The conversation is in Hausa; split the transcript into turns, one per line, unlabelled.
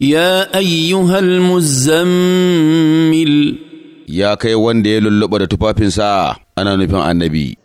يا أيها المزمل يا كي وندي للبر تفافن ساعة أنا نفهم النبي